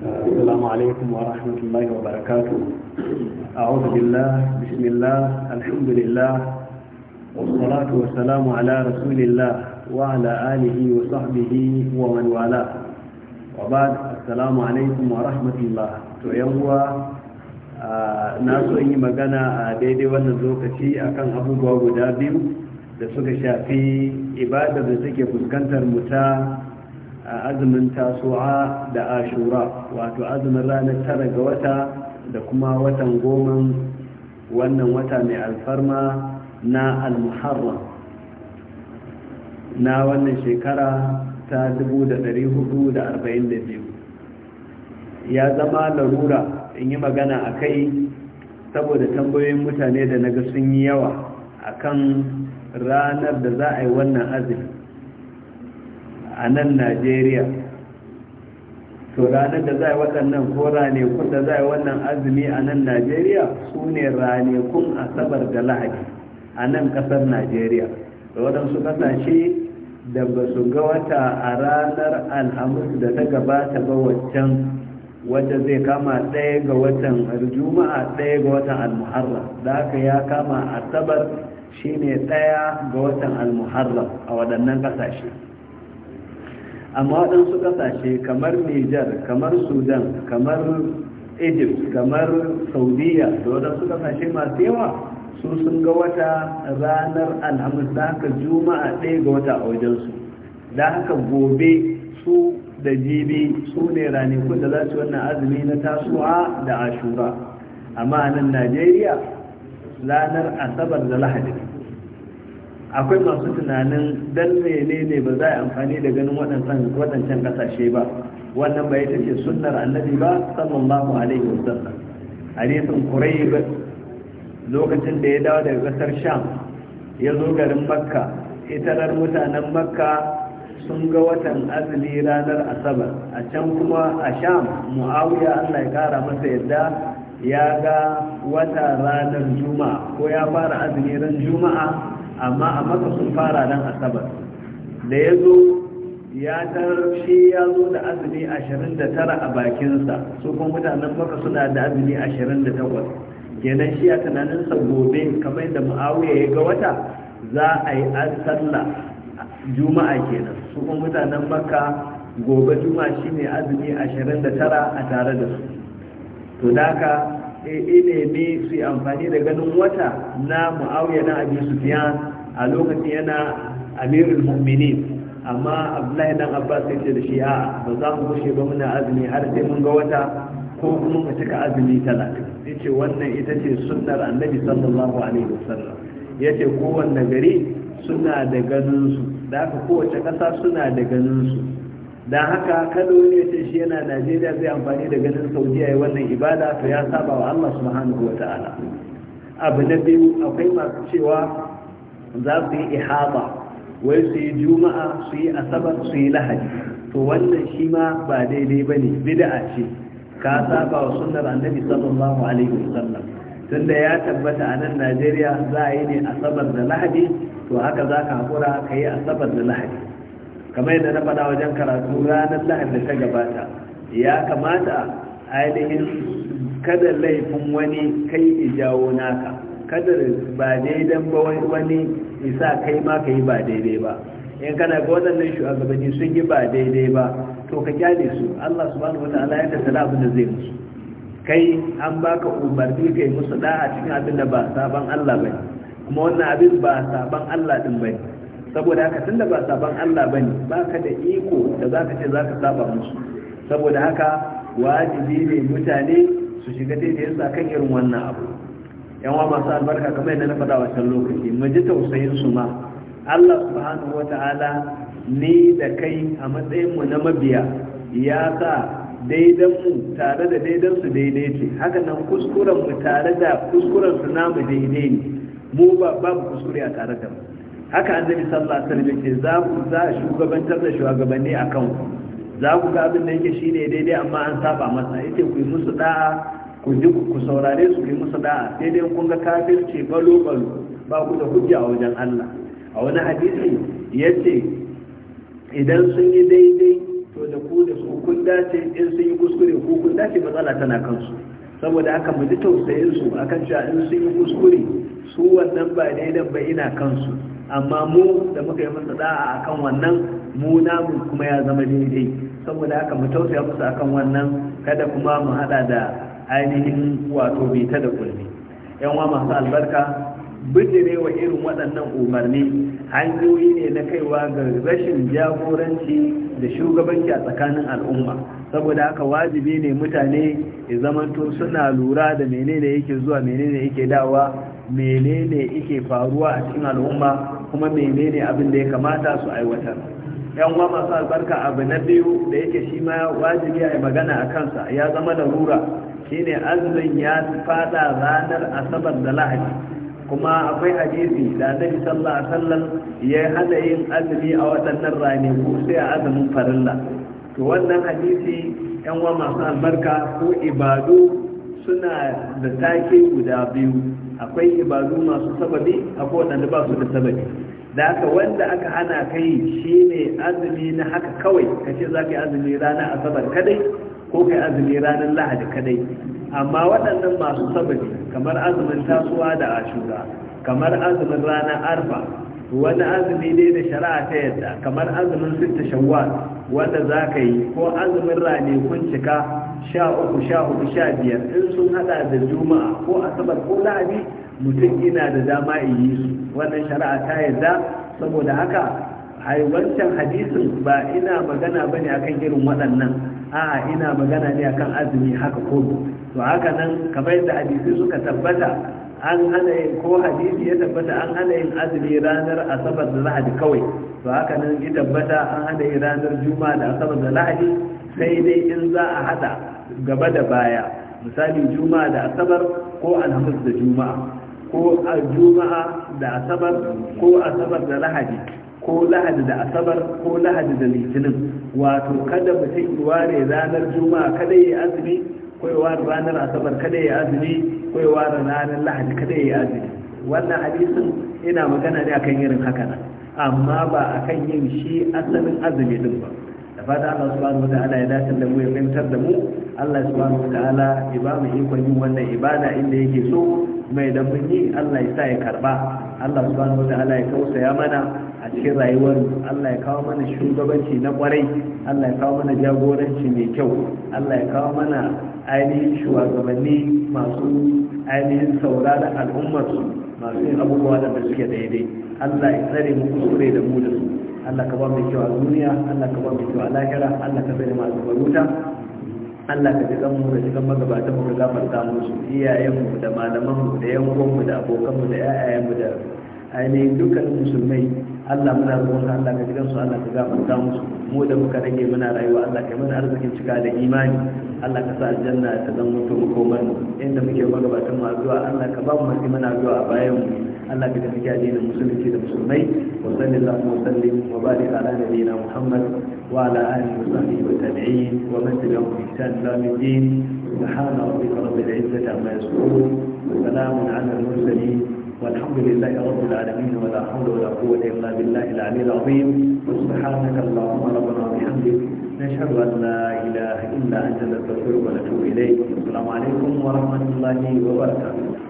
السلام عليكم ورحمة الله وبركاته أعوذ بالله بسم الله الحمد لله والصلاة والسلام على رسول الله وعلى آله وصحبه ومن والاه وبعد السلام عليكم ورحمة الله تؤيوا na so yi magana a daidai wannan lokaci akan abubuwa guda biyu da suka shafi ibadar da suke fuskantar mu ta a azumin tasowa da ashura wato azumin ranar tara ga wata da kuma watan goma wannan wata mai alfarma na almuharram na wannan shekara ta 1442 ya zama larura in yi magana a kai saboda tambayoyin mutane da naga sun yi yawa akan ranar da za a yi wannan azumi a nan najeriya to ranar da za a yi waɗannan ko ranekun da za a yi wannan azumi a nan najeriya su ne ranekun asabar da lahadi a nan ƙasar najeriya da waɗansu ƙasashe da ba su ga wata a ranar alhamis da ta gabata ba waccan wadda zai kama ɗaya ga watan juma'a ɗaya ga watan almuharram da haka ya kama asabar shine ɗaya ga watan almuharram a waɗannan ƙasashe amma waɗansu ƙasashe kamar nijar kamar sudan kamar egypt kamar saudiya da waɗansu ƙasashe masu yawa su sun ga wata ranar alhamis da haka juma'a ɗaya ga wata a wajensu da haka gobe su da jibi su ne ranakun da za su wannan azumi na tasowa da ashura amma nan najeriya ranar asabar da lahadi akwai masu tunanin dan mene ne ba za a amfani da ganin waɗancan ƙasashe ba wannan bai ita ce sunnar annabi ba sallallahu alaihi wasallam hadisin qurayb lokacin da ya dawo daga ƙasar sham ya zo garin makka itarar mutanen makka sun ga watan azumi ranar asabar a can kuma a sham muawiya allah ya kara masa yadda ya ga wata ranar juma'a ko ya fara azumi ran juma'a amma a maka sun fara nan asabar da ya zo ya tarar ya zo da azumi 29 a bakinsa su kuma mutanen maka suna da azumi 28 kenan shi a tunaninsa gobe kamar da mu'awiya ya ga wata za a yi an sallah juma'a kenan su kuma mutanen maka gobe shi shine azumi 29 a tare da su to daka eh, ilimi su yi amfani da ganin wata na mu'awiya na su sufiyan a lokacin yana amirul mu'minin amma abdullahi dan abbas ya ce da shi a ba za mu gushe ba muna azumi har sai mun ga wata ko kuma mu cika azumi talatin ya ce wannan ita ce sunnar annabi sallallahu alaihi wasallam ya ce kowanne gari suna da ganinsu da haka kowace ƙasa suna da ganinsu dan haka kada ne ya ce shi yana najeriya zai amfani da ganin saudiya ya wannan ibada to ya saba wa allah subhanahu wa abu na biyu akwai masu cewa za su yi ihaba wai su yi juma'a su yi asabar su yi lahadi to wannan shi ma ba daidai ba ne bida'a ce ka saba wa sunnar annabi sallallahu alaihi wasallam tunda ya tabbata a nan najeriya za a yi ne asabar da lahadi to haka za ka haƙura ka yi asabar da lahadi kamar yadda na faɗa wajen karatu ranar lahadi da ta gabata ya kamata ainihin kada laifin wani kai ijawo naka kadar ba daidan ba wani isa kai ma ka yi ba daidai ba in kana ga waɗannan shugabanni sun yi ba daidai ba to ka kyale su Allah subhanahu wataala ya tattala abin da zai musu kai an baka umarni kai musu da a cikin abin da ba saban Allah bane kuma wannan abin ba saban Allah din bane saboda haka tunda ba saban Allah bane baka da iko da zaka ce zaka saba musu saboda haka wajibi ne mutane su shiga daidai yasa kan irin wannan abu yan wa masu albarka kamar yadda na faɗa wancan lokaci mu ji tausayin su ma Allah subhanahu wata'ala ni da kai a matsayin mu na mabiya ya sa daidan mu tare da daidan su daidai ce haka nan kuskuren mu tare da kuskuren su namu daidai ne mu ba babu kuskure a tare da mu haka annabi sallallahu alaihi wasallam ce za ku za shugabantar da shugabanni akan ku za ku ga abin da yake shine daidai amma an saba masa yace ku yi musu da'a ku ji ku saurare su yi musu da'a sai dai kun ga kafirci balo balo ba ku da hujja a wajen Allah a wani hadisi yace idan sun yi daidai to da ku da su kun dace in sun yi kuskure ku kun dace matsala tana kansu saboda haka mu ji tausayin su akan cewa in sun yi kuskure su wannan ba daidan ba ina kansu amma mu da muka yi masa da'a akan wannan mu namu kuma ya zama daidai saboda haka mu tausaya musu akan wannan kada kuma mu hada da ainihin wato bai ta da kulmi yan wa masu albarka bijire wa irin waɗannan umarni hanyoyi ne na kaiwa ga rashin jagoranci da shugabanci a tsakanin al'umma saboda haka wajibi ne mutane ya zamanto suna lura da menene yake zuwa menene yake dawa menene yake faruwa a cikin al'umma kuma menene abin da ya kamata su aiwatar yan wa masu albarka abu na biyu da yake shi ma wajibi a magana a kansa ya zama larura shine azumin ya fada ranar asabar da lahadi kuma akwai hadisi da annabi sallallahu alaihi wasallam ya hana yin azumi a waɗannan ko sai a azumin farilla to wannan hadisi yan wa masu albarka ko ibadu suna da take guda biyu akwai ibadu masu sababi akwai waɗanda ba su da sababi da haka wanda aka hana kai shine azumi na haka kawai kace zaka yi azumi rana asabar kadai ko kai azumi ranar lahadi kadai amma waɗannan masu sababi kamar azumin tasuwa da ashura kamar azumin ranar arfa wani azumi ne da shari'a ta yadda kamar azumin sitta shawwal wanda za ka yi ko azumin rane kun cika sha uku sha uku sha biyar in sun hada da juma'a ko asabar ko lahadi mutum ina da dama yi su wannan shari'a ta yadda saboda haka wancan hadisin ba ina magana bane akan irin waɗannan a'a ina magana ne akan azumi haka ko to haka nan kamar yadda hadisi suka tabbata an hana yin ko hadisi ya tabbata an hana yin azumi ranar asabar da lahadi kawai to haka nan ya tabbata an hana yin ranar juma'a da asabar da lahadi sai dai in za a hada gaba da baya misali juma'a da asabar ko alhamis da juma'a ko juma'a da asabar ko asabar da lahadi ko lahadi da asabar ko lahadi da litinin wato kada mutum ware ranar juma'a kada ya yi azumi ko ya ware ranar asabar kada ya yi azumi ko ya ware ranar lahadi kada ya yi azumi wannan hadisin ina magana ne akan irin haka nan amma ba akan yin shi asalin azumi din ba da fata Allah subhanahu wataala ya dace da mu ya fahimtar da mu Allah subhanahu wataala ya ba mu ikon yin wannan ibada inda yake so mai da mun yi Allah ya sa ya karba Allah subhanahu wataala ya tausaya mana a cikin rayuwar Allah ya kawo mana shugabanci na kwarai Allah ya kawo mana jagoranci mai kyau Allah ya kawo mana ainihin shugabanni masu ainihin saura da al'ummarsu masu yin abubuwa da suke daidai Allah ya tsare mu kusure da mu da su Allah ka ba mu kyau a duniya Allah ka ba mu kyau a lahira Allah ka bari masu baruta. Allah ka jikan mu da cikin magabatan mu da gafarta su iyayen mu da malaman mu da yan mu da abokan mu da ƴaƴayen mu da ainihin dukkan musulmai Allah muna roƙon Allah ka gidansu Allah ka gafarta musu mu da muka rage muna rayuwa Allah ka mana arzikin cika da imani Allah ka sa aljanna ta zama mutu makomar inda muke magabatan mu addu'a Allah ka ba mu mafi mana addu'a a bayan mu Allah ka tafi da musulunci da musulmai wa sallallahu wa sallim wa barik ala nabiyyina Muhammad wa ala alihi wa sahbihi wa tabi'in wa man tabi'ahum bi ihsan ila subhana rabbika rabbil izzati amma yasifun wa salamun ala al mursalin والحمد لله رب العالمين ولا حول ولا قوة إلا بالله العلي العظيم سبحانك اللهم ربنا وبحمدك نشهد أن لا إله إلا أنت نستغفرك ونتوب إليك السلام عليكم ورحمة الله وبركاته